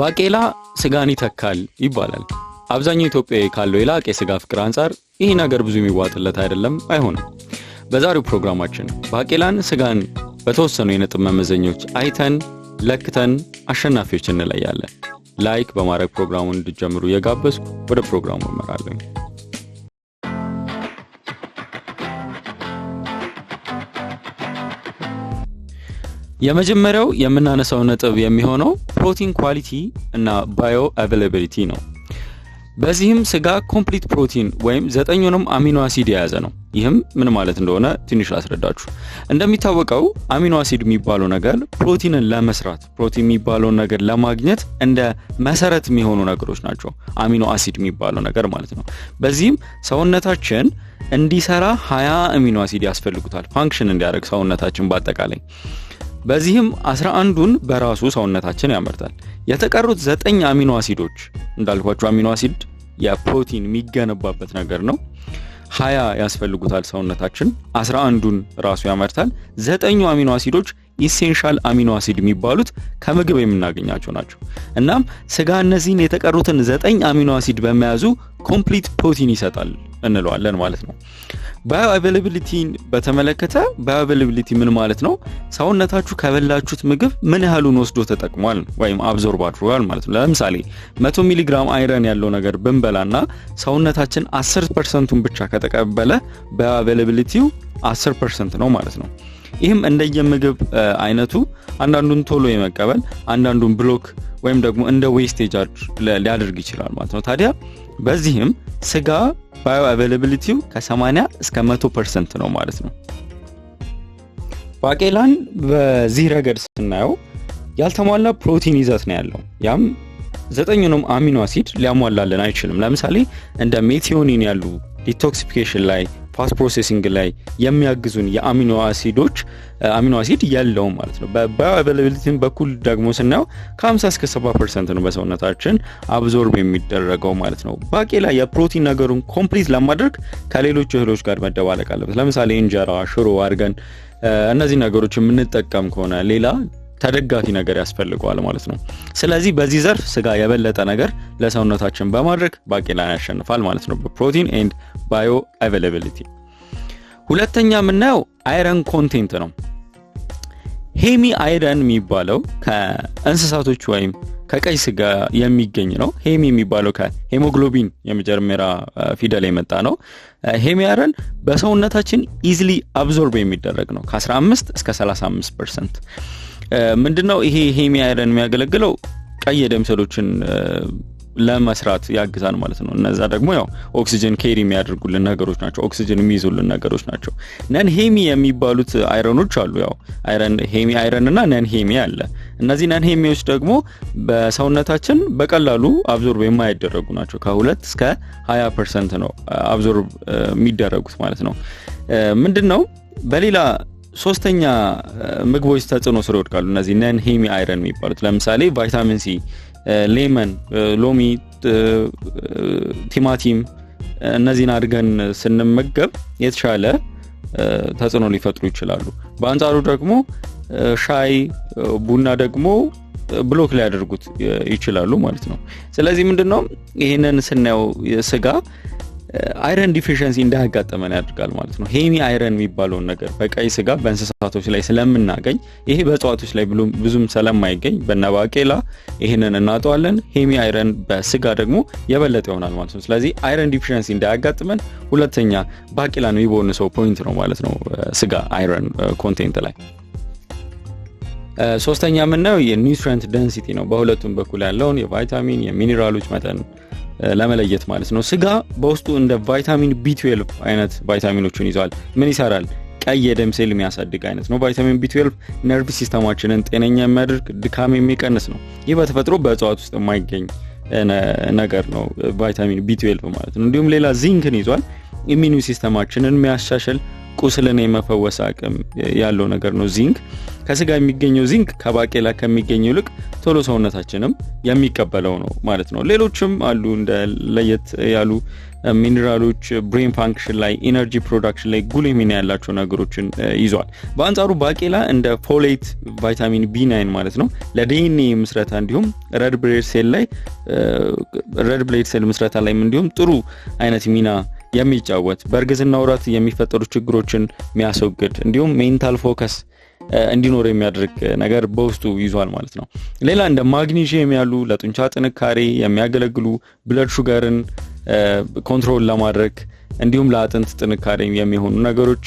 ባቄላ ስጋን ይተካል ይባላል። አብዛኛው ኢትዮጵያዊ ካለው የላቀ የስጋ ፍቅር አንጻር ይህ ነገር ብዙ የሚዋጥለት አይደለም፣ አይሆንም። በዛሬው ፕሮግራማችን ባቄላን ስጋን በተወሰኑ የነጥብ መመዘኞች አይተን ለክተን አሸናፊዎች እንለያለን። ላይክ በማድረግ ፕሮግራሙን እንድጀምሩ እየጋበዝኩ ወደ ፕሮግራሙ እመራለሁ። የመጀመሪያው የምናነሳው ነጥብ የሚሆነው ፕሮቲን ኳሊቲ እና ባዮ አቬላቢሊቲ ነው። በዚህም ስጋ ኮምፕሊት ፕሮቲን ወይም ዘጠኙንም አሚኖ አሲድ የያዘ ነው። ይህም ምን ማለት እንደሆነ ትንሽ ላስረዳችሁ። እንደሚታወቀው አሚኖ አሲድ የሚባለው ነገር ፕሮቲንን ለመስራት ፕሮቲን የሚባለውን ነገር ለማግኘት እንደ መሰረት የሚሆኑ ነገሮች ናቸው። አሚኖ አሲድ የሚባለው ነገር ማለት ነው። በዚህም ሰውነታችን እንዲሰራ ሀያ አሚኖ አሲድ ያስፈልጉታል ፋንክሽን እንዲያደርግ ሰውነታችን በአጠቃላይ በዚህም 11 አንዱን በራሱ ሰውነታችን ያመርታል። የተቀሩት ዘጠኝ አሚኖ አሲዶች እንዳልኳቸው አሚኖ አሲድ የፕሮቲን የሚገነባበት ነገር ነው። ሀያ ያስፈልጉታል ሰውነታችን። 11ዱን ራሱ ያመርታል። ዘጠኙ አሚኖ አሲዶች ኢሴንሻል አሚኖ አሲድ የሚባሉት ከምግብ የምናገኛቸው ናቸው። እናም ስጋ እነዚህን የተቀሩትን ዘጠኝ አሚኖ አሲድ በመያዙ ኮምፕሊት ፕሮቲን ይሰጣል። እንለዋለን ማለት ነው። ባዮአቬላቢሊቲን በተመለከተ ባዮአቬላቢሊቲ ምን ማለት ነው? ሰውነታችሁ ከበላችሁት ምግብ ምን ያህሉን ወስዶ ተጠቅሟል ወይም አብዞርብ አድርጓል ማለት ነው። ለምሳሌ 100 ሚሊግራም አይረን ያለው ነገር ብንበላና ሰውነታችን 10 ፐርሰንቱን ብቻ ከተቀበለ ባዮአቬላቢሊቲው 10 ፐርሰንት ነው ማለት ነው። ይህም እንደየምግብ አይነቱ አንዳንዱን ቶሎ የመቀበል አንዳንዱን ብሎክ ወይም ደግሞ እንደ ዌስቴጅ ሊያደርግ ይችላል ማለት ነው። ታዲያ በዚህም ስጋ ባዮ አቬላብሊቲው ከ80 እስከ 100 ፐርሰንት ነው ማለት ነው። ባቄላን በዚህ ረገድ ስናየው ያልተሟላ ፕሮቲን ይዘት ነው ያለው። ያም ዘጠኙንም አሚኖ አሲድ ሊያሟላልን አይችልም። ለምሳሌ እንደ ሜቲዮኒን ያሉ ዲቶክሲፊኬሽን ላይ ፓስ ፕሮሴሲንግ ላይ የሚያግዙን የአሚኖ አሲዶች አሚኖ አሲድ የለውም ማለት ነው። በባዮአቬላብሊቲን በኩል ደግሞ ስናየው ከ50 እስከ 70 ፐርሰንት ነው በሰውነታችን አብዞርብ የሚደረገው ማለት ነው። ባቄላ የፕሮቲን ነገሩን ኮምፕሊት ለማድረግ ከሌሎች እህሎች ጋር መደባለቅ አለበት። ለምሳሌ እንጀራ፣ ሽሮ አድርገን እነዚህ ነገሮች የምንጠቀም ከሆነ ሌላ ተደጋፊ ነገር ያስፈልገዋል ማለት ነው። ስለዚህ በዚህ ዘርፍ ስጋ የበለጠ ነገር ለሰውነታችን በማድረግ ባቄላን ያሸንፋል ማለት ነው በፕሮቲን ኤንድ ባዮ አቬለብሊቲ ሁለተኛ የምናየው አይረን ኮንቴንት ነው። ሄሚ አይረን የሚባለው ከእንስሳቶች ወይም ከቀይ ስጋ የሚገኝ ነው። ሄሚ የሚባለው ከሄሞግሎቢን የመጀመሪያ ፊደል የመጣ ነው። ሄሚ አይረን በሰውነታችን ኢዝሊ አብዞርብ የሚደረግ ነው ከ15 እስከ 35 ምንድነው ይሄ ሄሚ አይረን የሚያገለግለው ቀይ ደምሰሎችን ሴሎችን ለመስራት ያግዛል ማለት ነው። እነዛ ደግሞ ያው ኦክሲጅን ኬሪ የሚያደርጉልን ነገሮች ናቸው። ኦክሲጅን የሚይዙልን ነገሮች ናቸው። ነን ሄሚ የሚባሉት አይረኖች አሉ። ያው አይረን ሄሚ አይረን እና ነን ሄሚ አለ። እነዚህ ነን ሄሚዎች ደግሞ በሰውነታችን በቀላሉ አብዞርብ የማይደረጉ ናቸው። ከሁለት እስከ 20 ፐርሰንት ነው አብዞርብ የሚደረጉት ማለት ነው። ምንድን ነው በሌላ ሶስተኛ ምግቦች ተጽዕኖ ስር ይወድቃሉ። እነዚህ ነን ሄሚ አይረን የሚባሉት ለምሳሌ ቫይታሚን ሲ፣ ሌመን፣ ሎሚ፣ ቲማቲም እነዚህን አድርገን ስንመገብ የተሻለ ተጽዕኖ ሊፈጥሩ ይችላሉ። በአንጻሩ ደግሞ ሻይ፣ ቡና ደግሞ ብሎክ ሊያደርጉት ይችላሉ ማለት ነው። ስለዚህ ምንድን ነው ይህንን ስናየው ስጋ አይረን ዲፊሽንሲ እንዳያጋጠመን ያደርጋል ማለት ነው። ሄሚ አይረን የሚባለውን ነገር በቀይ ስጋ በእንስሳቶች ላይ ስለምናገኝ ይሄ በእጽዋቶች ላይ ብዙም ስለማይገኝ በነባቄላ ይህንን እናጠዋለን። ሄሚ አይረን በስጋ ደግሞ የበለጠ ይሆናል ማለት ነው። ስለዚህ አይረን ዲፊሽንሲ እንዳያጋጥመን ሁለተኛ ባቄላን የሚቦን ሰው ፖይንት ነው ማለት ነው ስጋ አይረን ኮንቴንት ላይ ሶስተኛ የምናየው የኒውትሪንት ደንሲቲ ነው። በሁለቱም በኩል ያለውን የቫይታሚን የሚኒራሎች መጠን ለመለየት ማለት ነው። ስጋ በውስጡ እንደ ቫይታሚን ቢ12 አይነት ቫይታሚኖችን ይዟል። ምን ይሰራል? ቀይ የደም ሴል የሚያሳድግ አይነት ነው። ቫይታሚን ቢ12 ነርቭ ሲስተማችንን ጤነኛ የሚያደርግ ድካም የሚቀንስ ነው። ይህ በተፈጥሮ በእጽዋት ውስጥ የማይገኝ ነገር ነው። ቫይታሚን ቢ12 ማለት ነው። እንዲሁም ሌላ ዚንክን ይዟል። ኢሚኒ ሲስተማችንን የሚያሻሽል ቁስልን የመፈወስ አቅም ያለው ነገር ነው ዚንክ ከስጋ የሚገኘው ዚንክ ከባቄላ ከሚገኘው ልቅ ቶሎ ሰውነታችንም የሚቀበለው ነው ማለት ነው። ሌሎችም አሉ እንደ ለየት ያሉ ሚኒራሎች ብሬን ፋንክሽን ላይ፣ ኢነርጂ ፕሮዳክሽን ላይ ጉል ሚና ያላቸው ነገሮችን ይዟል። በአንጻሩ ባቄላ እንደ ፎሌት፣ ቫይታሚን ቢ ናይን ማለት ነው ለዲኤንኤ ምስረታ እንዲሁም ረድ ብሬድ ሴል ላይ ረድ ሴል ምስረታ ላይም እንዲሁም ጥሩ አይነት ሚና የሚጫወት በእርግዝና ውራት የሚፈጠሩ ችግሮችን የሚያስወግድ እንዲሁም ሜንታል ፎከስ እንዲኖር የሚያደርግ ነገር በውስጡ ይዟል ማለት ነው። ሌላ እንደ ማግኒዥየም ያሉ ለጡንቻ ጥንካሬ የሚያገለግሉ ብለድ ሹገርን ኮንትሮል ለማድረግ እንዲሁም ለአጥንት ጥንካሬ የሚሆኑ ነገሮች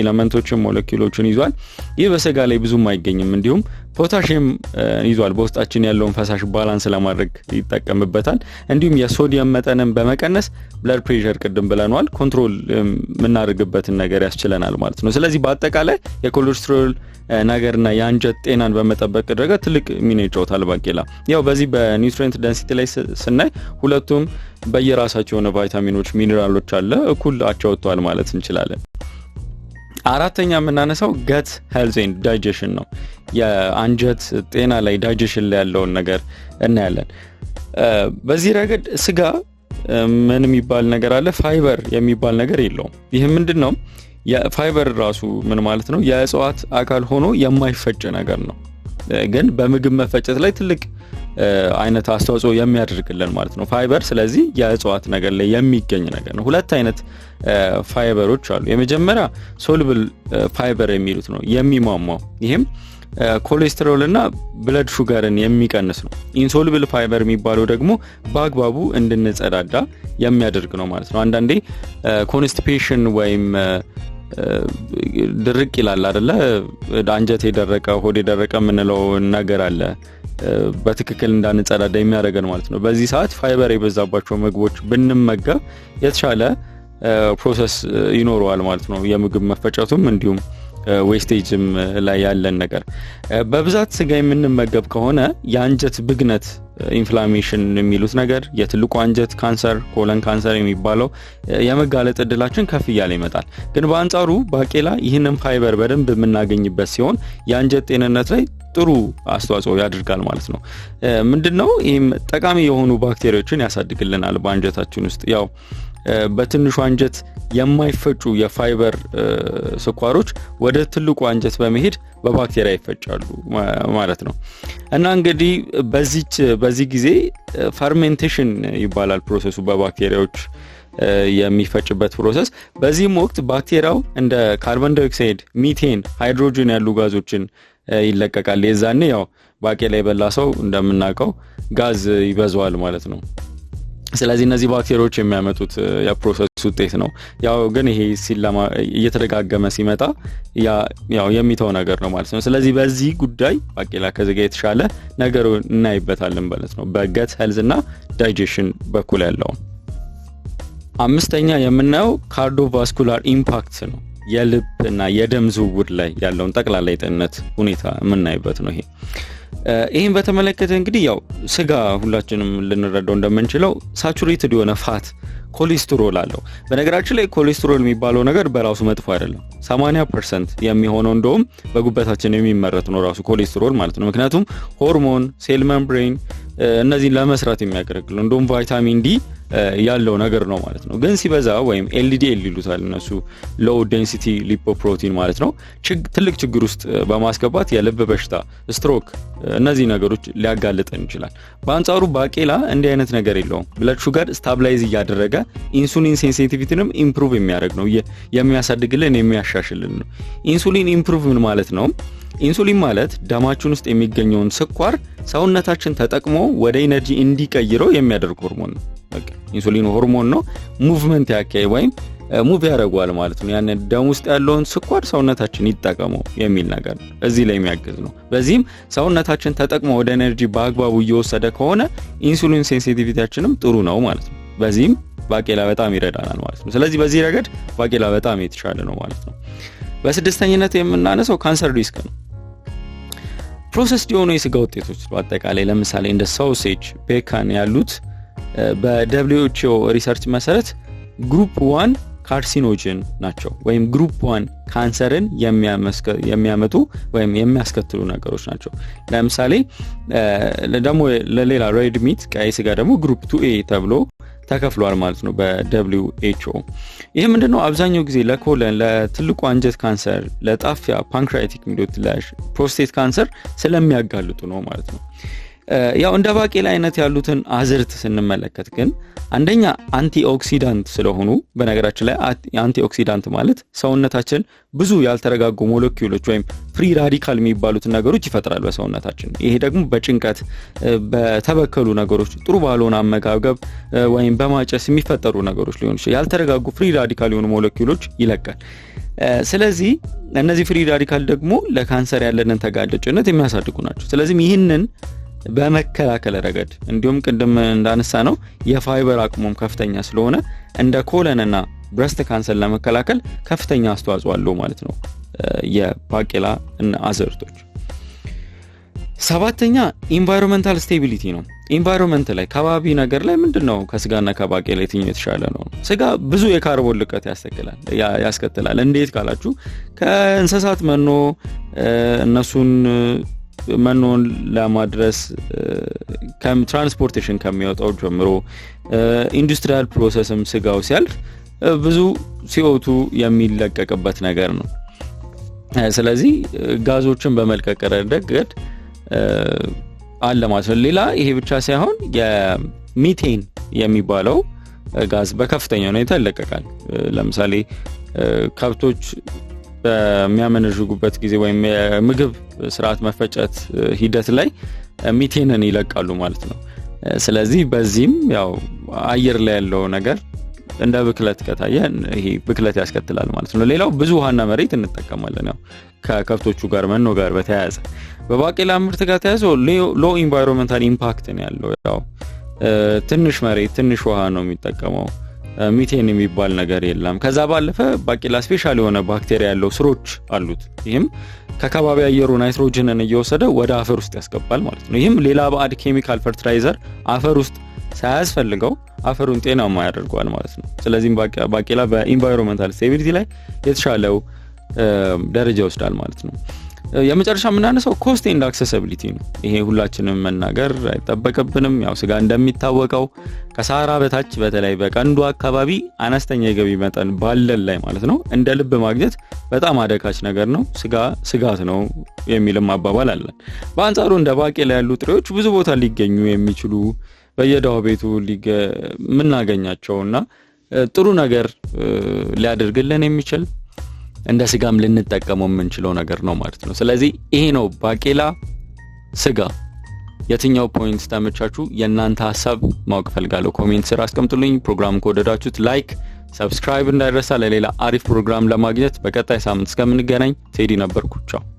ኤለመንቶችን፣ ሞለኪሎችን ይዟል። ይህ በሰጋ ላይ ብዙም አይገኝም። እንዲሁም ፖታሽም ይዟል። በውስጣችን ያለውን ፈሳሽ ባላንስ ለማድረግ ይጠቀምበታል። እንዲሁም የሶዲየም መጠንን በመቀነስ ብለድ ፕሬር ቅድም ብለነዋል ኮንትሮል የምናደርግበትን ነገር ያስችለናል ማለት ነው። ስለዚህ በአጠቃላይ የኮሌስትሮል ነገርና የአንጀት ጤናን በመጠበቅ ረገድ ትልቅ ሚና ይጫወታል ባቄላ። ያው በዚህ በኒውትሪንት ደንሲቲ ላይ ስናይ ሁለቱም በየራሳቸው የሆነ ቫይታሚኖች፣ ሚኔራሎች አለ እኩል ወጥተዋል ማለት እንችላለን። አራተኛ የምናነሳው ገት ሄልዝ ኤንድ ዳይጀሽን ነው። የአንጀት ጤና ላይ ዳይጀሽን ላይ ያለውን ነገር እናያለን። በዚህ ረገድ ስጋ ምን የሚባል ነገር አለ? ፋይበር የሚባል ነገር የለውም። ይህ ምንድን ነው? የፋይበር ራሱ ምን ማለት ነው? የእጽዋት አካል ሆኖ የማይፈጭ ነገር ነው፣ ግን በምግብ መፈጨት ላይ ትልቅ አይነት አስተዋጽኦ የሚያደርግልን ማለት ነው ፋይበር። ስለዚህ የእጽዋት ነገር ላይ የሚገኝ ነገር ነው። ሁለት አይነት ፋይበሮች አሉ። የመጀመሪያ ሶልብል ፋይበር የሚሉት ነው የሚሟሟው። ይህም ኮሌስትሮል እና ብለድ ሹገርን የሚቀንስ ነው። ኢንሶልብል ፋይበር የሚባለው ደግሞ በአግባቡ እንድንጸዳዳ የሚያደርግ ነው ማለት ነው። አንዳንዴ ኮንስቲፔሽን ወይም ድርቅ ይላል አደለ? አንጀት የደረቀ ሆድ የደረቀ የምንለው ነገር አለ። በትክክል እንዳንጸዳዳ የሚያደርገን ማለት ነው። በዚህ ሰዓት ፋይበር የበዛባቸው ምግቦች ብንመገብ የተሻለ ፕሮሰስ ይኖረዋል ማለት ነው። የምግብ መፈጨቱም እንዲሁም ዌስቴጅም ላይ ያለን ነገር በብዛት ስጋ የምንመገብ ከሆነ የአንጀት ብግነት ኢንፍላሜሽን የሚሉት ነገር የትልቁ አንጀት ካንሰር፣ ኮለን ካንሰር የሚባለው የመጋለጥ እድላችን ከፍ እያለ ይመጣል። ግን በአንጻሩ ባቄላ ይህንን ፋይበር በደንብ የምናገኝበት ሲሆን የአንጀት ጤንነት ላይ ጥሩ አስተዋጽኦ ያደርጋል ማለት ነው። ምንድን ነው ይህም ጠቃሚ የሆኑ ባክቴሪያዎችን ያሳድግልናል በአንጀታችን ውስጥ ያው በትንሹ አንጀት የማይፈጩ የፋይበር ስኳሮች ወደ ትልቁ አንጀት በመሄድ በባክቴሪያ ይፈጫሉ ማለት ነው። እና እንግዲህ በዚች በዚህ ጊዜ ፈርሜንቴሽን ይባላል ፕሮሰሱ በባክቴሪያዎች የሚፈጭበት ፕሮሰስ። በዚህም ወቅት ባክቴሪያው እንደ ካርቦን ዳይኦክሳይድ፣ ሚቴን፣ ሃይድሮጅን ያሉ ጋዞችን ይለቀቃል። የዛኔ ያው ባቄላ የበላ ሰው እንደምናውቀው ጋዝ ይበዛዋል ማለት ነው። ስለዚህ እነዚህ ባክቴሪያዎች የሚያመጡት የፕሮሰስ ውጤት ነው። ያው ግን ይሄ እየተደጋገመ ሲመጣ ያው የሚተው ነገር ነው ማለት ነው። ስለዚህ በዚህ ጉዳይ ባቄላ ከዚህ ጋር የተሻለ ነገር እናይበታለን ማለት ነው፣ በገት ሄልዝ እና ዳይጀሽን በኩል ያለውን። አምስተኛ የምናየው ካርዶቫስኩላር ኢምፓክት ነው። የልብ እና የደም ዝውውር ላይ ያለውን ጠቅላላ የጤንነት ሁኔታ የምናይበት ነው ይሄ ይህን በተመለከተ እንግዲህ ያው ስጋ ሁላችንም ልንረዳው እንደምንችለው ሳቹሬትድ የሆነ ፋት ኮሌስትሮል አለው። በነገራችን ላይ ኮሌስትሮል የሚባለው ነገር በራሱ መጥፎ አይደለም። 80 ፐርሰንት የሚሆነው እንደውም በጉበታችን የሚመረት ነው ራሱ ኮሌስትሮል ማለት ነው። ምክንያቱም ሆርሞን፣ ሴል መምብሬን እነዚህን ለመስራት የሚያገለግሉ እንደውም ቫይታሚን ዲ ያለው ነገር ነው ማለት ነው። ግን ሲበዛ ወይም ኤልዲኤል ይሉታል እነሱ ሎው ዴንሲቲ ሊፖፕሮቲን ማለት ነው። ትልቅ ችግር ውስጥ በማስገባት የልብ በሽታ፣ ስትሮክ፣ እነዚህ ነገሮች ሊያጋልጠን ይችላል። በአንጻሩ ባቄላ እንዲህ አይነት ነገር የለውም። ብለድ ሹጋር ስታብላይዝ እያደረገ ኢንሱሊን ሴንሲቲቪቲንም ኢምፕሩቭ የሚያደርግ ነው፣ የሚያሳድግልን የሚያሻሽልን ነው። ኢንሱሊን ኢምፕሩቭ ምን ማለት ነው? ኢንሱሊን ማለት ደማችን ውስጥ የሚገኘውን ስኳር ሰውነታችን ተጠቅሞ ወደ ኢነርጂ እንዲቀይረው የሚያደርግ ሆርሞን ነው። ኢንሱሊን ሆርሞን ነው። ሙቭመንት ያካይ ወይም ሙቭ ያደርገዋል ማለት ነው። ያንን ደም ውስጥ ያለውን ስኳር ሰውነታችን ይጠቀመው የሚል ነገር እዚህ ላይ የሚያግዝ ነው። በዚህም ሰውነታችን ተጠቅሞ ወደ ኤነርጂ በአግባቡ እየወሰደ ከሆነ ኢንሱሊን ሴንሲቲቪቲያችንም ጥሩ ነው ማለት ነው። በዚህም ባቄላ በጣም ይረዳናል ማለት ነው። ስለዚህ በዚህ ረገድ ባቄላ በጣም የተሻለ ነው ማለት ነው። በስድስተኝነት የምናነሰው ካንሰር ሪስክ ነው። ፕሮሰስ የሆኑ የስጋ ውጤቶች በአጠቃላይ ለምሳሌ እንደ ሰውሴጅ፣ ቤካን ያሉት በደብሊውኤችኦ ሪሰርች መሰረት ግሩፕ ዋን ካርሲኖጅን ናቸው ወይም ግሩፕ ዋን ካንሰርን የሚያመጡ ወይም የሚያስከትሉ ነገሮች ናቸው። ለምሳሌ ደግሞ ለሌላ ሬድ ሚት ቀይ ስጋ ደግሞ ግሩፕ ቱ ኤ ተብሎ ተከፍሏል ማለት ነው በደብሊው ኤች ኦ። ይህ ምንድነው አብዛኛው ጊዜ ለኮለን፣ ለትልቁ አንጀት ካንሰር፣ ለጣፊያ ፓንክራቲክ ሚዶትላሽ፣ ፕሮስቴት ካንሰር ስለሚያጋልጡ ነው ማለት ነው። ያው እንደ ባቄላ አይነት ያሉትን አዝርት ስንመለከት ግን አንደኛ አንቲኦክሲዳንት ስለሆኑ፣ በነገራችን ላይ አንቲኦክሲዳንት ማለት ሰውነታችን ብዙ ያልተረጋጉ ሞለኪውሎች ወይም ፍሪ ራዲካል የሚባሉትን ነገሮች ይፈጥራል በሰውነታችን። ይሄ ደግሞ በጭንቀት በተበከሉ ነገሮች፣ ጥሩ ባልሆን አመጋገብ ወይም በማጨስ የሚፈጠሩ ነገሮች ሊሆን ይችላል። ያልተረጋጉ ፍሪ ራዲካል የሆኑ ሞለኪውሎች ይለቃል። ስለዚህ እነዚህ ፍሪ ራዲካል ደግሞ ለካንሰር ያለንን ተጋላጭነት የሚያሳድጉ ናቸው። ስለዚህም ይህንን በመከላከል ረገድ እንዲሁም ቅድም እንዳነሳ ነው የፋይበር አቅሙም ከፍተኛ ስለሆነ እንደ ኮለንና ብረስት ካንሰር ለመከላከል ከፍተኛ አስተዋጽኦ አለው ማለት ነው። የባቄላ አዘርቶች ሰባተኛ ኢንቫይሮንመንታል ስቴቢሊቲ ነው። ኢንቫይሮንመንት ላይ ከባቢ ነገር ላይ ምንድን ነው ከስጋና ከባቄላ የትኛው የተሻለ ነው? ስጋ ብዙ የካርቦን ልቀት ያስከትላል። እንዴት ካላችሁ ከእንስሳት መኖ እነሱን መኖን ለማድረስ ትራንስፖርቴሽን ከሚያወጣው ጀምሮ ኢንዱስትሪያል ፕሮሰስም ስጋው ሲያልፍ ብዙ ሲኦቱ የሚለቀቅበት ነገር ነው። ስለዚህ ጋዞችን በመልቀቅ ረገድ አለ ማለት ነው። ሌላ ይሄ ብቻ ሳይሆን የሚቴን የሚባለው ጋዝ በከፍተኛ ሁኔታ ይለቀቃል። ለምሳሌ ከብቶች በሚያመነዥጉበት ጊዜ ወይም የምግብ ስርዓት መፈጨት ሂደት ላይ ሚቴንን ይለቃሉ ማለት ነው። ስለዚህ በዚህም ያው አየር ላይ ያለው ነገር እንደ ብክለት ከታየ ይሄ ብክለት ያስከትላል ማለት ነው። ሌላው ብዙ ውሃና መሬት እንጠቀማለን ያው ከከብቶቹ ጋር መኖ ጋር በተያያዘ በባቄላ ምርት ጋር ተያይዞ ሎ ኢንቫይሮንመንታል ኢምፓክት ነው ያለው። ያው ትንሽ መሬት ትንሽ ውሃ ነው የሚጠቀመው ሚቴን የሚባል ነገር የለም። ከዛ ባለፈ ባቂላ ስፔሻል የሆነ ባክቴሪያ ያለው ስሮች አሉት። ይህም ከከባቢ አየሩ ናይትሮጅንን እየወሰደ ወደ አፈር ውስጥ ያስገባል ማለት ነው። ይህም ሌላ በአድ ኬሚካል ፈርትራይዘር አፈር ውስጥ ሳያስፈልገው አፈሩን ጤናማ ያደርገዋል ማለት ነው። ስለዚህም ባቄላ በኢንቫይሮንመንታል ስቴቢሊቲ ላይ የተሻለው ደረጃ ይወስዳል ማለት ነው። የመጨረሻ የምናነሳው ኮስት ኤንድ አክሰሰብሊቲ ነው። ይሄ ሁላችንም መናገር አይጠበቅብንም። ያው ስጋ እንደሚታወቀው ከሳራ በታች በተለይ በቀንዱ አካባቢ አነስተኛ የገቢ መጠን ባለን ላይ ማለት ነው እንደ ልብ ማግኘት በጣም አደካች ነገር ነው። ስጋ ስጋት ነው የሚልም አባባል አለን። በአንጻሩ እንደ ባቄላ ያሉ ጥሬዎች ብዙ ቦታ ሊገኙ የሚችሉ በየዳው ቤቱ የምናገኛቸው እና ጥሩ ነገር ሊያደርግልን የሚችል እንደ ስጋም ልንጠቀመው የምንችለው ነገር ነው ማለት ነው። ስለዚህ ይሄ ነው ባቄላ፣ ስጋ። የትኛው ፖይንት ተመቻችሁ? የእናንተ ሀሳብ ማወቅ ፈልጋለሁ። ኮሜንት ስር አስቀምጡልኝ። ፕሮግራም ከወደዳችሁት ላይክ፣ ሰብስክራይብ እንዳይረሳ። ለሌላ አሪፍ ፕሮግራም ለማግኘት በቀጣይ ሳምንት እስከምንገናኝ ቴዲ ነበርኩ። ቻው።